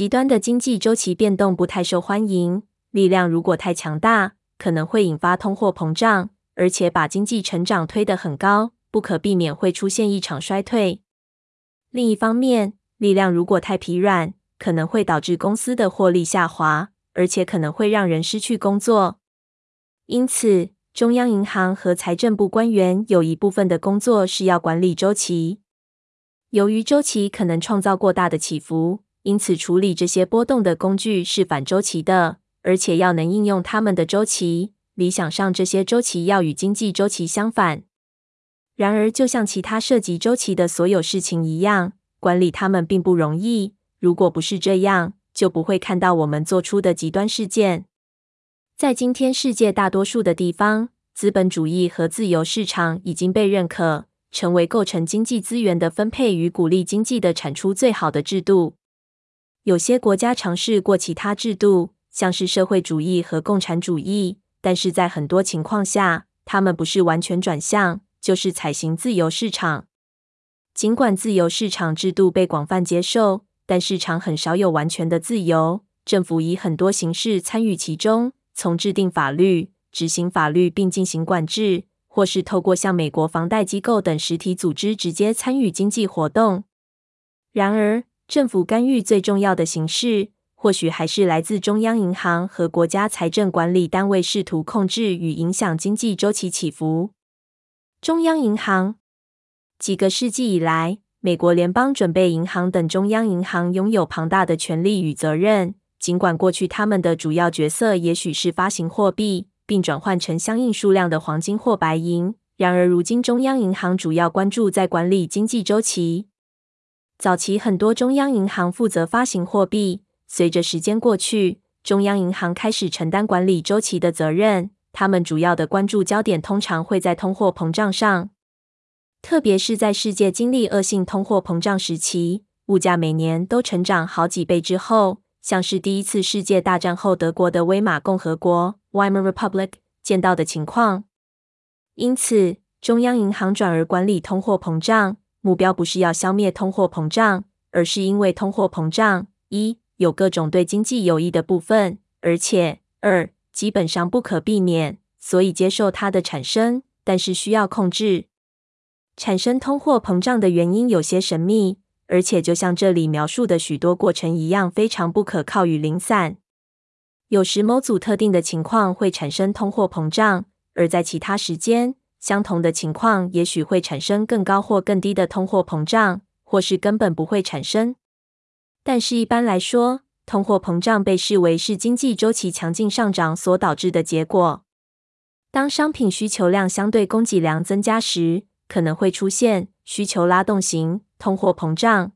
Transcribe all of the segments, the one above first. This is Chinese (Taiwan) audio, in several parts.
極端的經濟周期變動不太受歡迎，力量如果太強大，可能會引發通貨膨脹，而且把經濟成長推得很高，不可避免會出現一場衰退。另一方面，力量如果太疲軟，可能會導致公司的獲利下滑，而且可能會讓人失去工作。因此，中央銀行和財政部官員有一部分的工作是要管理周期，由於周期可能創造過大的起伏。因此，處理這些波動的工具是反周期的，而且要能應用它們的周期。理想上，這些周期要與經濟周期相反。然而，就像其他涉及周期的所有事情一樣，管理它們並不容易。如果不是這樣，就不會看到我們做出的極端事件。在今天世界大多數的地方，資本主義和自由市場已經被認可，成為構成經濟資源的分配與鼓勵經濟的產出最好的制度。有些國家嘗試過其他制度，像是社會主義和共產主義，但是在很多情況下，他們不是完全轉向，就是採行自由市場。儘管自由市場制度被廣泛接受，但市場很少有完全的自由，政府以很多形式參與其中，從制定法律、執行法律並進行管制，或是透過像美國房貸機構等實體組織直接參與經濟活動。然而，政府干預最重要的形式，或許還是來自中央銀行和國家財政管理單位，試圖控制與影響經濟週期起伏。中央銀行。幾個世紀以來，美國聯邦準備銀行等中央銀行擁有龐大的權力與責任。儘管過去他們的主要角色也許是發行貨幣，並轉換成相應數量的黃金或白銀，然而如今中央銀行主要關注在管理經濟週期。早期很多中央銀行負責發行貨幣。隨着時間過去，中央銀行開始承擔管理周期的責任。他們主要的關注焦點通常會在通貨膨脹上，特別是在世界經歷惡性通貨膨脹時期，物價每年都成長好幾倍之後，像是第一次世界大戰後德國的威瑪共和國 （Weimar Republic） 見到的情況。因此，中央銀行轉而管理通貨膨脹。目標不是要消滅通貨膨脹，而是因為通貨膨脹一有各種對經濟有益的部分，而且二基本上不可避免，所以接受它的產生，但是需要控制。產生通貨膨脹的原因有些神秘，而且就像這裡描述的許多過程一樣，非常不可靠與零散。有時某組特定的情況會產生通貨膨脹，而在其他時間，相同的情況，也許會產生更高或更低的通貨膨脹，或是根本不會產生。但是，一般來說，通貨膨脹被視為是經濟週期強勁上漲所導致的結果。當商品需求量相對供給量增加時，可能會出現需求拉動型通貨膨脹。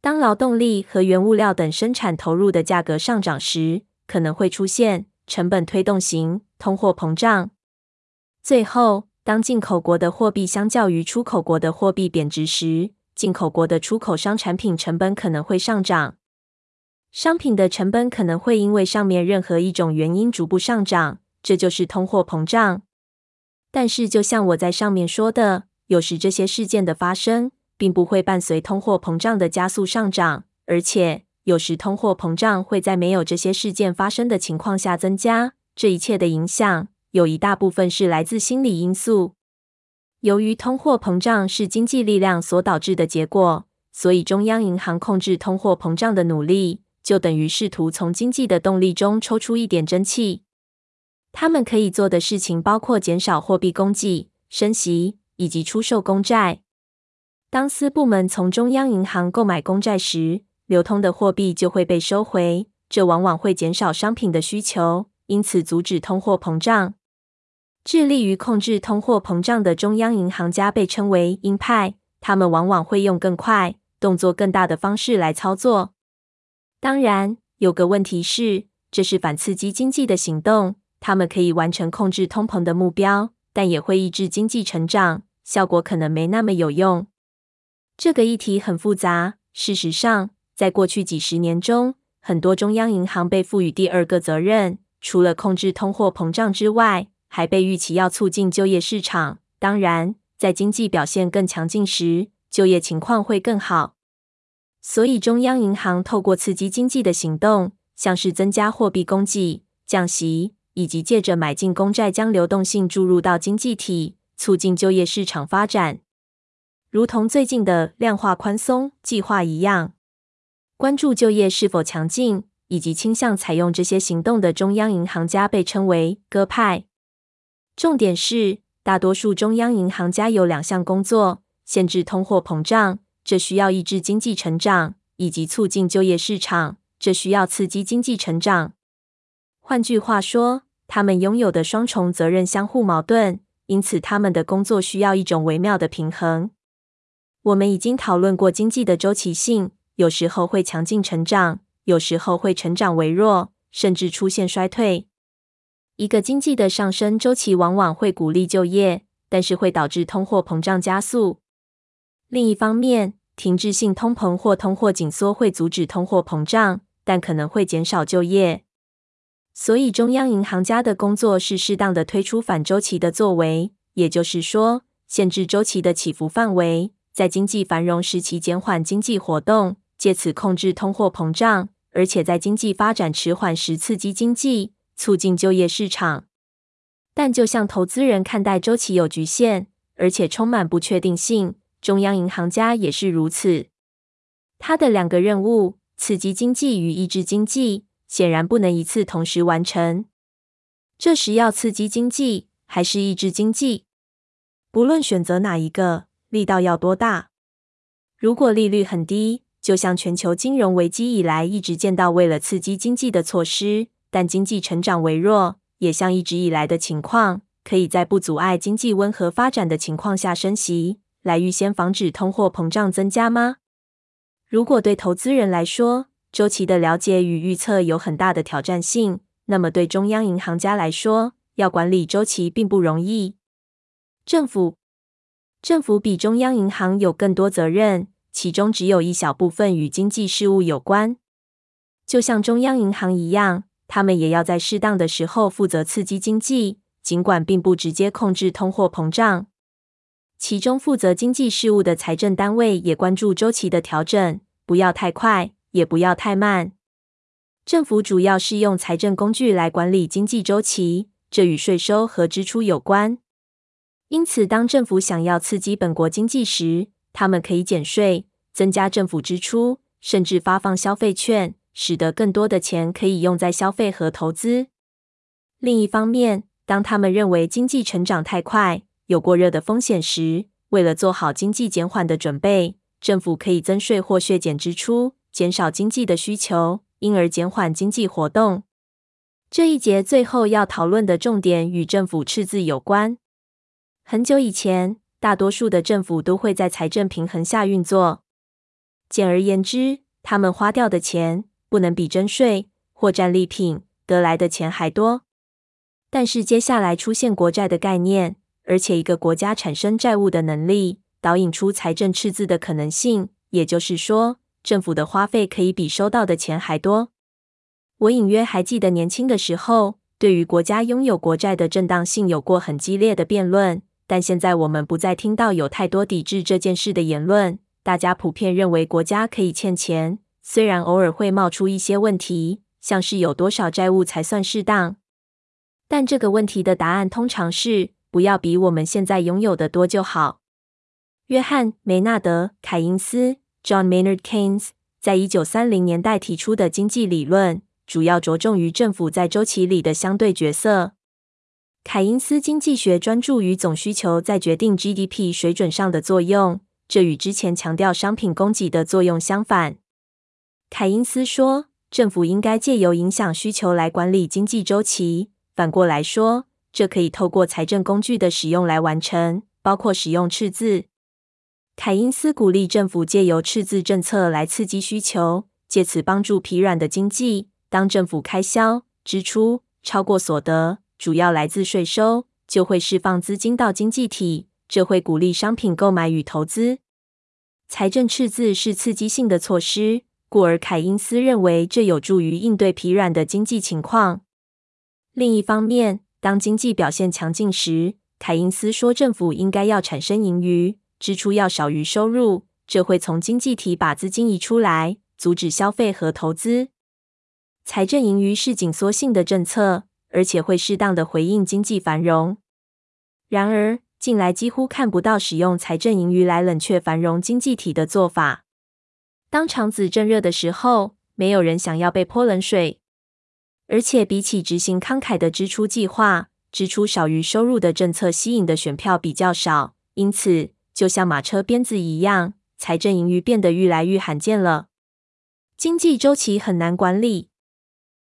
當勞動力和原物料等生產投入的價格上漲時，可能會出現成本推動型通貨膨脹。最後。當進口國的貨幣相較於出口國的貨幣貶值時，進口國的出口商產品成本可能會上漲。商品的成本可能會因為上面任何一種原因逐步上漲，這就是通貨膨脹。但是，就像我在上面說的，有時這些事件的發生並不會伴隨通貨膨脹的加速上漲，而且有時通貨膨脹會在沒有這些事件發生的情況下增加，這一切的影響。有一大部分是來自心理因素。由於通貨膨脹是經濟力量所導致的結果，所以中央銀行控制通貨膨脹的努力，就等於試圖從經濟的動力中抽出一點蒸汽。他們可以做的事情包括減少貨幣供給、升息以及出售公債。當私部門從中央銀行購買公債時，流通的貨幣就會被收回，這往往會減少商品的需求，因此阻止通貨膨脹。致力於控制通貨膨脹的中央銀行家被稱為鷹派，他們往往會用更快、動作更大的方式來操作。當然，有個問題是，這是反刺激經濟的行動。他們可以完成控制通膨的目標，但也會抑制經濟成長，效果可能沒那麼有用。這個議題很複雜。事實上，在過去幾十年中，很多中央銀行被賦予第二個責任，除了控制通貨膨脹之外。還被預期要促進就業市場，當然，在經濟表現更強勁時，就業情況會更好。所以，中央銀行透過刺激經濟的行動，像是增加貨幣供給、降息，以及借着買進公債將流動性注入到經濟體，促進就業市場發展，如同最近的量化寬鬆計劃一樣。關注就業是否強勁，以及傾向採用這些行動的中央銀行家被稱為鴿派。重點是，大多數中央銀行家有兩項工作：限制通貨膨脹，這需要抑制經濟成長；以及促進就業市場，這需要刺激經濟成長。換句話說，他們擁有的雙重責任相互矛盾，因此他們的工作需要一種微妙的平衡。我們已經討論過經濟的周期性，有時候會強勁成長，有時候會成長微弱，甚至出現衰退。一個經濟的上升週期往往會鼓勵就業，但是會導致通貨膨脹加速。另一方面，停滯性通膨或通貨緊縮會阻止通貨膨脹，但可能會減少就業。所以，中央銀行家的工作是適當地推出反週期的作為，也就是說，限制週期的起伏範圍，在經濟繁榮時期減緩經濟活動，借此控制通貨膨脹，而且在經濟發展遲緩時刺激經濟。促進就業市場，但就像投資人看待周期有局限，而且充滿不確定性，中央銀行家也是如此。他的兩個任務——刺激經濟與抑制經濟，顯然不能一次同時完成。這時要刺激經濟還是抑制經濟？不論選擇哪一個，力道要多大？如果利率很低，就像全球金融危機以來一直見到為了刺激經濟的措施。但經濟成長微弱，也像一直以來的情況，可以在不阻礙經濟溫和發展的情況下升息，來預先防止通貨膨脹增加嗎？如果對投資人來說，週期的了解與預測有很大的挑戰性，那麼對中央銀行家來說，要管理週期並不容易。政府政府，比中央銀行有更多責任，其中只有一小部分與經濟事務有關，就像中央銀行一樣。他們也要在適當的時候負責刺激經濟，儘管並不直接控制通貨膨脹。其中負責經濟事務的財政單位也關注週期的調整，不要太快，也不要太慢。政府主要是用財政工具來管理經濟週期，這與稅收和支出有關。因此，當政府想要刺激本國經濟時，他們可以減稅、增加政府支出，甚至發放消費券。使得更多的錢可以用在消費和投資。另一方面，當他們認為經濟成長太快，有過熱的風險時，為了做好經濟減緩的準備，政府可以增稅或削減支出，減少經濟的需求，因而減緩經濟活動。這一節最後要討論的重點與政府赤字有關。很久以前，大多數的政府都會在財政平衡下運作。簡而言之，他們花掉的錢，不能比徵稅或戰利品得來的錢還多。但是接下來出現國債的概念，而且一個國家產生債務的能力，導引出財政赤字的可能性。也就是說，政府的花費可以比收到的錢還多。我隱約還記得年輕的時候，對於國家擁有國債的正當性有過很激烈的辯論。但現在我們不再聽到有太多抵制這件事的言論。大家普遍認為國家可以欠錢。雖然偶爾會冒出一些問題，像是有多少債務才算適當，但這個問題的答案通常是不要比我們現在擁有的多就好。約翰·梅納德·凱因斯 （John Maynard Keynes） 在一九三零年代提出的經濟理論，主要着重於政府在周期裡的相對角色。凱因斯經濟學專注於總需求在決定 GDP 水準上的作用，這與之前強調商品供給的作用相反。凱因斯說，政府應該借由影響需求來管理經濟周期。反過來說，這可以透過財政工具的使用來完成，包括使用赤字。凱因斯鼓勵政府借由赤字政策來刺激需求，借此幫助疲軟的經濟。當政府開銷支出超過所得，主要來自稅收，就會釋放資金到經濟體，這會鼓勵商品購買與投資。財政赤字是刺激性的措施。故而，凱因斯認為這有助於應對疲軟的經濟情況。另一方面，當經濟表現強勁時，凱因斯說，政府應該要產生盈餘，支出要少於收入，這會從經濟體把資金移出來，阻止消費和投資。財政盈餘是緊縮性的政策，而且會適當的回應經濟繁榮。然而，近來幾乎看不到使用財政盈餘來冷卻繁榮經濟體的做法。當場子正熱的時候，沒有人想要被潑冷水。而且，比起執行慷慨的支出計劃，支出少於收入的政策吸引的選票比較少，因此就像馬車鞭子一樣，財政盈餘變得越來越罕見了。經濟週期很難管理，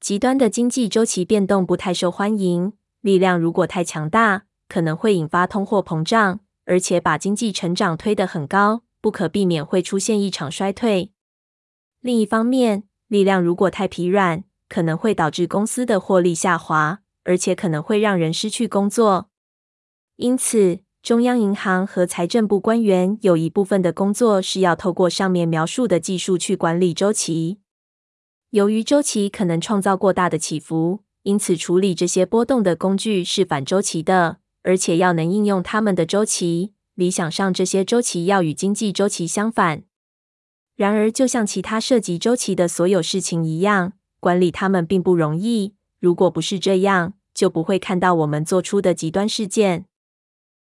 極端的經濟週期變動不太受歡迎。力量如果太強大，可能會引發通貨膨脹，而且把經濟成長推得很高。不可避免會出現一場衰退。另一方面，力量如果太疲軟，可能會導致公司的獲利下滑，而且可能會讓人失去工作。因此，中央銀行和財政部官員有一部分的工作是要透過上面描述的技術去管理週期。由於週期可能創造過大的起伏，因此處理這些波動的工具是反週期的，而且要能應用它們的週期。理想上，這些週期要與經濟週期相反。然而，就像其他涉及週期的所有事情一樣，管理它們並不容易，如果不是這樣，就不會看到我們做出的極端事件。